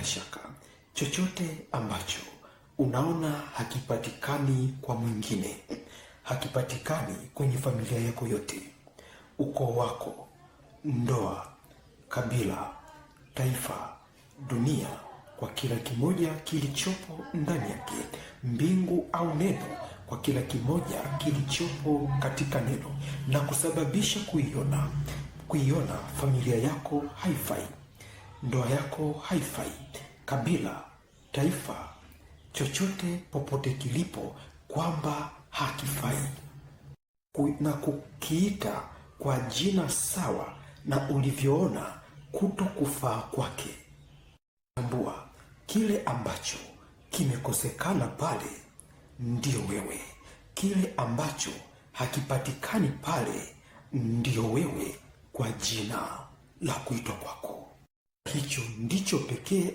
bila shaka chochote ambacho unaona hakipatikani kwa mwingine, hakipatikani kwenye familia yako yote, ukoo wako, ndoa, kabila, taifa, dunia, kwa kila kimoja kilichopo ndani yake, mbingu au neno, kwa kila kimoja kilichopo katika neno, na kusababisha kuiona kuiona familia yako haifai ndoa yako haifai, kabila, taifa, chochote popote kilipo, kwamba hakifai na kukiita kwa jina sawa na ulivyoona kuto kufaa kwake. Tambua kile ambacho kimekosekana pale ndio wewe, kile ambacho hakipatikani pale ndio wewe, kwa jina la kuitwa kwako. dicho, dicho pekee